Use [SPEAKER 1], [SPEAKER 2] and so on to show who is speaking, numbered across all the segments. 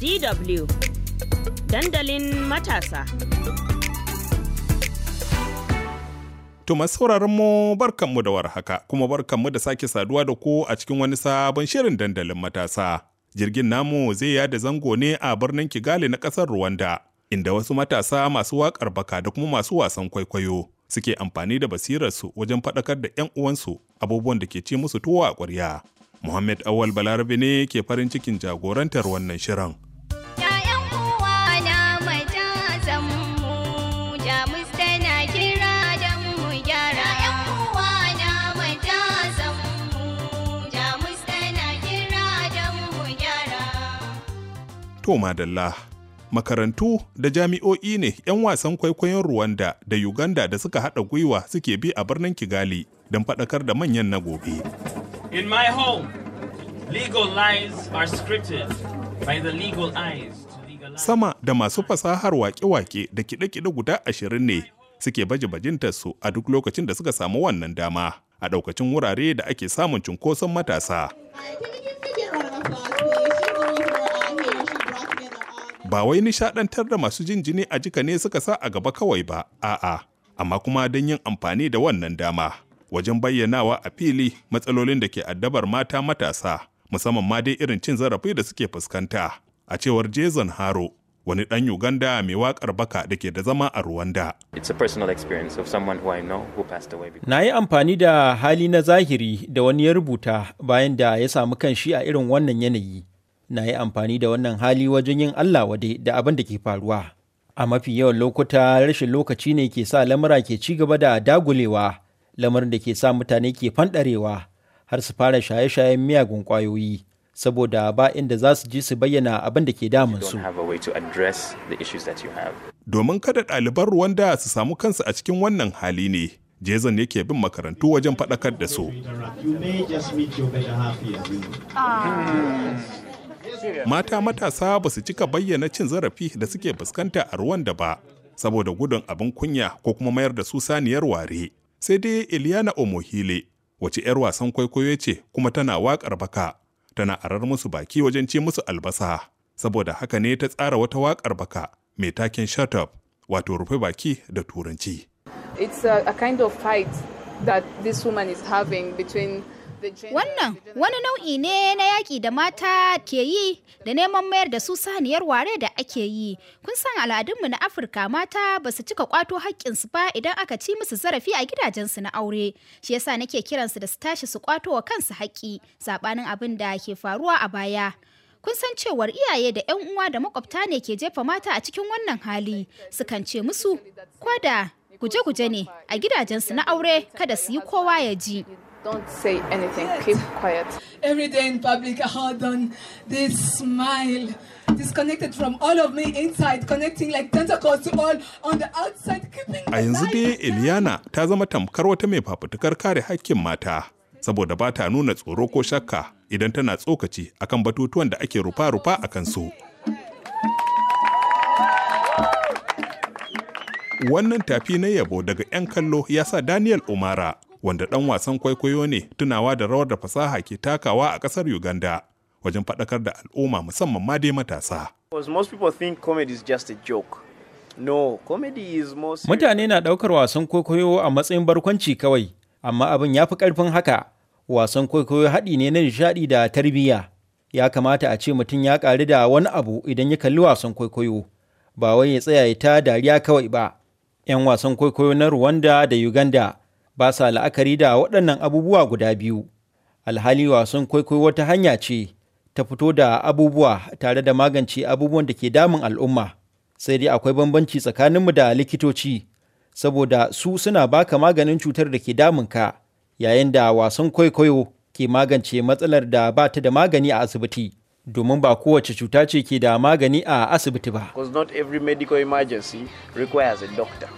[SPEAKER 1] DW dandalin matasa.
[SPEAKER 2] To masu mu barkanmu da warhaka kuma barkanmu da sake saduwa da ku a cikin wani sabon shirin dandalin matasa. Jirgin namu zai yada zango ne a birnin Kigali na ƙasar Rwanda, inda wasu matasa masu waƙar baka da kuma masu wasan kwaikwayo suke amfani da basirarsu wajen faɗakar da 'yan uwansu abubuwan da ke ci musu tuwa a ƙwarya. Muhammad Awal Balarabe ne ke farin cikin jagorantar wannan shirin. koma madalla. Makarantu da jami'o'i ne 'yan wasan kwaikwayon Ruwanda da Uganda da suka haɗa gwiwa suke bi a birnin Kigali don faɗakar da manyan na gobe. In my home,
[SPEAKER 1] legal lies are scripted by the legal eyes.
[SPEAKER 2] Sama da masu fasahar waƙe-waƙe da kiɗe-kiɗe guda ashirin ne suke baje bajintarsu a duk lokacin da suka samu wannan dama a ɗaukacin wurare da ake samun cunkoson matasa. ba wai nishadantar da masu jin jini a jika ne suka sa a gaba kawai ba a'a amma kuma don yin amfani da wannan dama wajen bayyanawa a fili matsalolin da ke addabar mata matasa musamman ma dai irin cin zarafi da suke fuskanta a cewar jason haro wani dan Uganda mai wakar baka da ke da zama a Rwanda.
[SPEAKER 3] Na yi amfani da hali na zahiri da wani ya rubuta bayan da ya samu kanshi a irin wannan yanayi. na yi amfani da wannan hali wajen yin Allah wade da abin da ke faruwa. A mafi yawan lokuta rashin lokaci ne ke sa lamura ke ci gaba da dagulewa, lamarin da ke sa mutane ke fanɗarewa har su fara shaye-shayen miyagun kwayoyi
[SPEAKER 2] saboda ba inda za su ji su bayyana abin da ke damun su. Domin kada ɗaliban Ruwanda su samu kansu a cikin wannan hali ne, Jason yake bin makarantu wajen faɗakar da su. mata matasa ba su cika bayyana cin zarafi da suke fuskanta a ruwan da ba saboda gudun abin kunya ko kuma mayar da su saniyar ware sai dai Iliana Omohile wace 'yar wasan kwaikwayo ce kuma tana waƙar baka tana arar musu baki wajen ci musu albasa saboda haka ne ta tsara wata waƙar baka mai taken shut wato rufe baki da turanci.
[SPEAKER 1] It's a, fight that this woman is having between Wannan wani nau'i ne na yaƙi da mata ke yi da neman mayar da su saniyar ware da ake yi. Kun san al'adunmu na Afirka mata ba su cika kwato haƙƙinsu ba idan aka ci musu zarafi a gidajensu na aure. Shi yasa nake kiransu da su tashi su kwato wa kansu haƙƙi, saɓanin abin da ke faruwa a baya. kun san cewar iyaye da 'yan uwa da makwabta ne ke jefa mata a cikin wannan hali sukan ce musu kwada guje-guje ne a gidajensu na aure kada su yi kowa ya ji. Don't say anything. Yet. Keep quiet. Every day in public, I hold on this smile, disconnected from all of me inside, connecting like tentacles to all on the outside, keeping.
[SPEAKER 2] A yanzu dai Eliana ta zama tamkar wata mai fafutukar kare hakkin mata. Saboda ba ta nuna tsoro ko shakka idan tana tsokaci akan batutuwan da ake rufa-rufa a su. Wannan tafi na yabo daga 'yan kallo yasa Daniel Umara wanda ɗan wasan kwaikwayo ne tunawa da rawar da fasaha ke takawa a ƙasar Uganda wajen faɗakar da al'umma musamman ma dai matasa. Mutane na ɗaukar wasan kwaikwayo a matsayin barkwanci kawai,
[SPEAKER 3] amma abin ya fi ƙarfin haka. Wasan kwaikwayo haɗi ne na nishaɗi da tarbiyya. Ya kamata a ce mutum ya ƙari da wani abu idan ya kalli wasan kwaikwayo, ba wai ya tsaya ya ta dariya kawai ba. 'Yan wasan kwaikwayo na Rwanda da Uganda ba sa la'akari da waɗannan abubuwa guda biyu alhali wasan kwaikwayo wata hanya ce ta fito da abubuwa tare da magance abubuwan da ke damun al'umma sai dai akwai bambanci tsakaninmu da likitoci saboda su suna baka maganin cutar da ke damun ka yayin da wasan kwaikwayo ke magance matsalar da ba ta da magani a asibiti domin ba kowace cuta ce ke da magani a asibiti ba. not every medical emergency requires a doctor.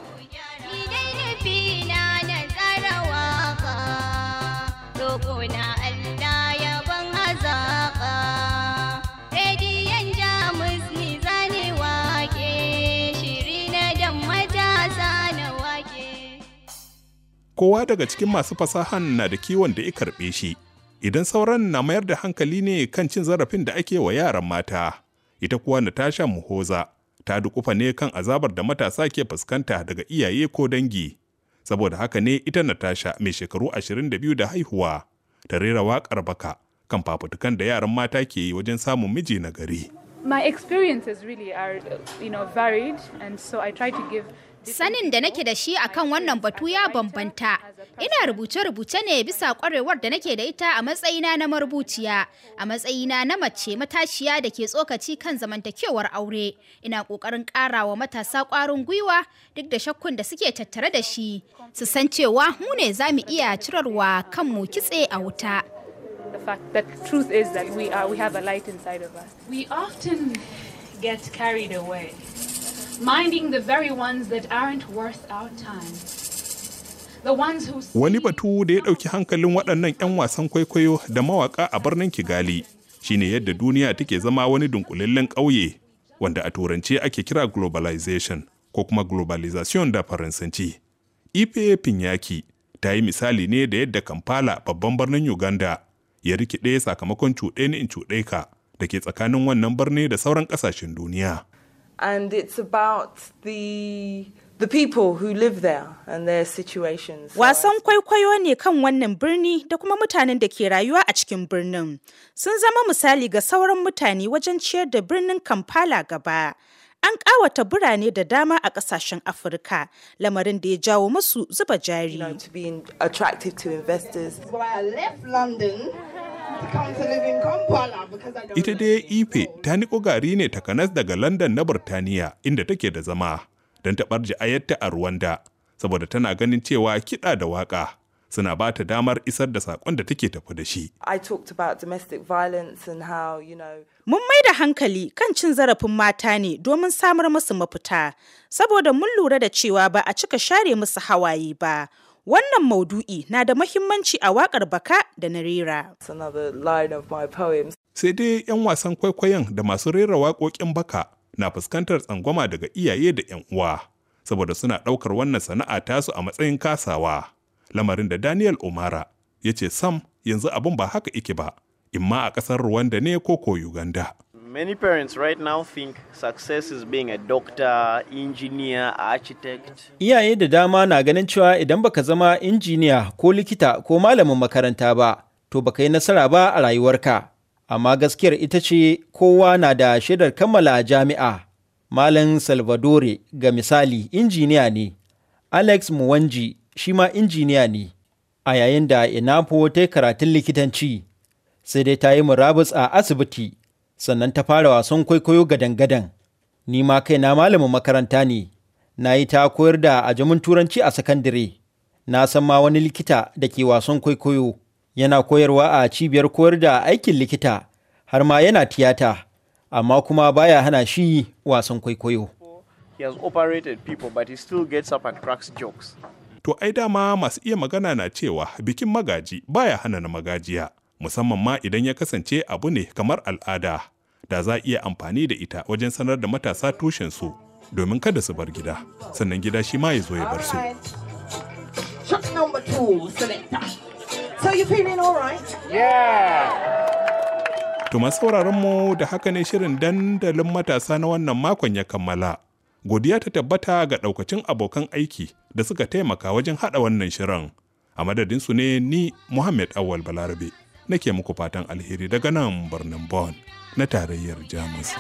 [SPEAKER 2] kowa daga cikin masu fasahan na da kiwon da ya karɓe shi idan sauran na mayar da hankali ne kan cin zarafin da ake wa yaran mata ita kuwa natasha muhoza ta dukufa ne kan azabar da matasa ke fuskanta daga iyaye ko dangi saboda haka ne ita natasha mai shekaru 22 da haihuwa ta rera waƙar baka kan fafutukan da yaran mata ke yi wajen samun miji na gari
[SPEAKER 1] my experiences really are you know varied and so i try to give Sanin da nake da shi akan wannan batu ya bambanta. Ina rubuce-rubuce ne bisa kwarewar da nake da ita a matsayina na marubuciya, a matsayina na mace matashiya da ke tsokaci kan zamantakewar aure. Ina ƙoƙarin ƙara wa matasa ƙwarin gwiwa duk da shakkun da suke tattare da shi, su san cewa mu ne za mu iya cirarwa kanmu kitse a wuta. The fact that the get carried away. minding the very ones that aren't worth our time.
[SPEAKER 2] Wani batu da ya ɗauki hankalin waɗannan 'yan wasan kwaikwayo da mawaƙa a birnin Kigali shine yadda duniya take zama wani dunkulillen ƙauye wanda a turance ake kira globalization ko kuma globalization da faransanci. Ife Pinyaki ta yi misali ne da yadda Kampala babban birnin Uganda ya rikide sakamakon cuɗe ni in cuɗe ka da ke tsakanin wannan birni da sauran ƙasashen duniya.
[SPEAKER 1] and it's about the the people who live there and their situations. Wasan kwaikwayo ne kan wannan birni da kuma mutanen da ke rayuwa a cikin birnin. Sun zama misali ga sauran mutane wajen ciyar da birnin Kampala gaba. An ƙawata birane da dama a ƙasashen Afirka, lamarin da ya jawo musu zuba jari. to be attractive to investors. So I left London Ita dai
[SPEAKER 2] Ife ta niƙo gari ne takanas daga London na Burtaniya inda take da zama don taɓar ji'ayarta a Rwanda saboda tana ganin cewa kiɗa da waƙa suna ba ta damar isar da saƙon da take tafi da shi.
[SPEAKER 1] Mun mai da hankali kan cin zarafin mata ne domin samar musu mafita saboda mun lura da cewa ba a cika share musu hawaye ba. Wannan maudu'i na da mahimmanci a waƙar baka da na rera.
[SPEAKER 2] Sai dai 'yan wasan kwaikwayon da masu rera waƙoƙin baka na fuskantar tsangwama daga iyaye da 'yan uwa, saboda suna ɗaukar wannan sana'a tasu a matsayin kasawa. Lamarin da Daniel Umara ya ce Sam yanzu abin ba haka ike ba, imma a ƙasar Rwanda ne ko ko Uganda.
[SPEAKER 3] Many parents right now think success is being a doctor, engineer, architect. Iyaye da dama na ganin cewa idan baka zama injiniya ko likita ko malamin makaranta ba, to baka yi nasara ba a rayuwarka. Amma gaskiyar ita ce kowa na da shaidar kammala jami'a. Malam Salvadore ga misali injiniya ne, Alex Muwanji shi ma injiniya ne, a yayin da Inapo ta karatun likitanci, sai dai ta yi murabus a asibiti. sannan ta fara wasan kwaikwayo gadan-gadan ni ma kaina malamin makaranta ne na yi ta koyar da ajamin turanci a sakandare na san ma wani likita da ke wasan kwaikwayo yana koyarwa a cibiyar koyar da aikin likita har ma yana tiyata amma kuma baya hana shi wasan kwaikwayo operated
[SPEAKER 2] to ai dama masu iya magana na cewa bikin magaji baya hana na magajiya musamman ma idan ya kasance abu ne kamar al'ada da za a iya amfani da ita wajen sanar da matasa tushen su domin kada su bar gida sannan gida shi ma ya zo ya bar su To masu mu da haka ne shirin dandalin matasa na wannan makon ya kammala. Godiya ta tabbata ga ɗaukacin abokan aiki da suka taimaka wajen haɗa wannan shirin. A su ne ni Muhammad Awal Balarabe. nake muku fatan alheri daga nan birnin Bonn na tarayyar Jamus.